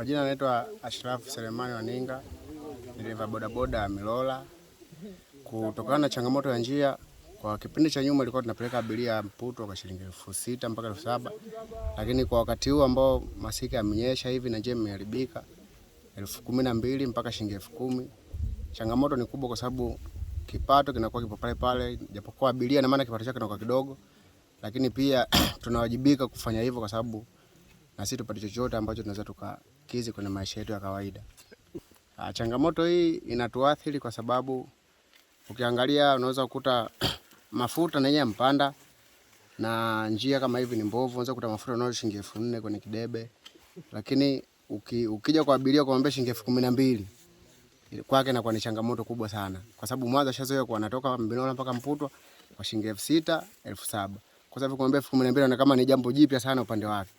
Kwa jina naitwa Ashrafu Selemani Waninga, dereva bodaboda Milola. Kutokana na changamoto ya njia, kwa kipindi cha nyuma ilikuwa tunapeleka abiria Mputo kwa shilingi elfu sita mpaka elfu saba lakini kwa wakati huu ambao masika yamenyesha hivi na njia imeharibika, elfu kumi na mbili mpaka shilingi elfu kumi Changamoto ni kubwa kwa sababu kipato kinakuwa kipo pale pale, japokuwa abiria na maana kipato chake kinakuwa kidogo, lakini pia tunawajibika kufanya hivyo kwa sababu na sisi tupate chochote ambacho tunaweza tukakizi kwenye maisha yetu ya kawaida. A, ah, changamoto hii inatuathiri kwa sababu ukiangalia unaweza kukuta mafuta na yeye mpanda na njia kama hivi ni mbovu, unaweza kukuta mafuta unayo shilingi elfu nne kwenye kidebe, lakini uki, ukija kwa abiria kumwambia shilingi elfu kumi na mbili kwake inakuwa ni changamoto kubwa sana, kwa sababu mwanzo shazoea kwa anatoka Mbinona mpaka Mputwa kwa shilingi elfu sita elfu saba kwa sababu kumwambia elfu kumi na mbili na kama ni jambo jipya sana upande wake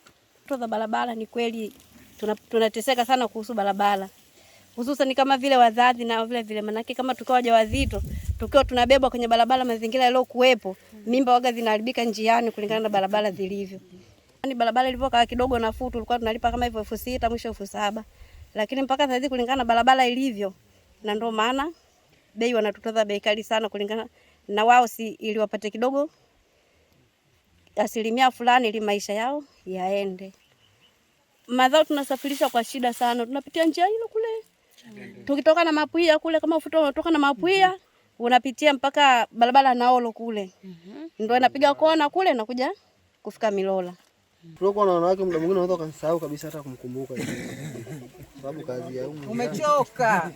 changamoto za barabara ni kweli tunateseka sana kuhusu barabara, hususan kama vile wazazi na vile vile, manake kama tukiwa wajawazito tukiwa tunabebwa kwenye barabara, mazingira kuwepo, mimba waga zinaharibika njiani kulingana na barabara zilivyo. Yani barabara ilivyokaa kidogo nafuu, tulikuwa tunalipa kama hivyo elfu sita mwisho elfu saba lakini mpaka sasa hivi kulingana na barabara ilivyo, na ndio maana bei wanatutoza bei kali sana kulingana na wao, si iliwapate kidogo asilimia fulani ili maisha yao yaende. Mazao tunasafirisha kwa shida sana, tunapitia njia hilo kule tukitoka na mapuia kule, kama ufuto unatoka na mapuia mm -hmm. unapitia mpaka barabara Naolo kule mm -hmm. ndio inapiga kona kule na kuja kufika Milola. Tunakuwa na wanawake, muda mwingine unaweza kanisahau kabisa hata kumkumbuka sababu kazi ya umu umechoka,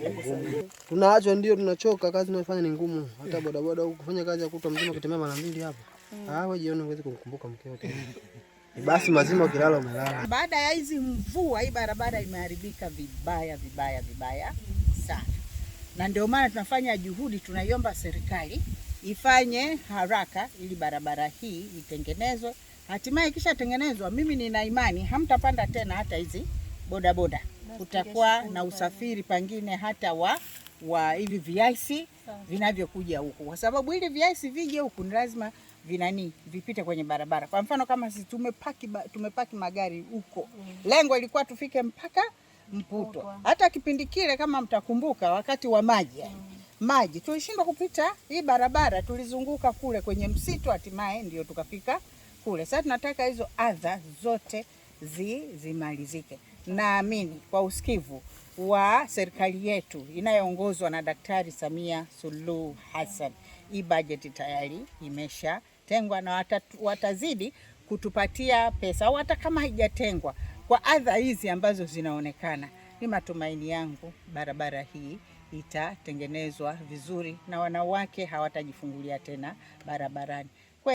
tunaachwa ndio tunachoka. Kazi tunayofanya ni ngumu, hata bodaboda kufanya kazi ya kutwa mzima kutembea mara mbili hapa Mm. Ah, wewe jioni huwezi kumkumbuka mke tena. Basi mazima ukilala umelala. Baada ya hizi mvua hii barabara imeharibika vibaya vibaya vibaya sana, na ndio maana tunafanya juhudi, tunaiomba serikali ifanye haraka ili barabara hii itengenezwe. Hatimaye ikishatengenezwa, mimi nina imani hamtapanda tena hata hizi bodaboda, kutakuwa na usafiri pengine hata wa wa hivi viasi vinavyokuja huku, kwa sababu ili viasi vije huku ni lazima vinani vipite kwenye barabara. Kwa mfano kama sisi tumepaki, tumepaki magari huko, mm. lengo ilikuwa tufike mpaka Mputo. Hata kipindi kile kama mtakumbuka, wakati wa maji mm. maji tulishindwa kupita hii barabara, tulizunguka kule kwenye msitu, hatimaye ndio tukafika kule. Sasa tunataka hizo adha zote zi, zimalizike. Naamini kwa usikivu wa serikali yetu inayoongozwa na Daktari Samia Suluhu Hassan. Hii bajeti tayari imeshatengwa na watazidi kutupatia pesa au hata kama haijatengwa kwa adha hizi ambazo zinaonekana. Ni matumaini yangu barabara hii itatengenezwa vizuri na wanawake hawatajifungulia tena barabarani.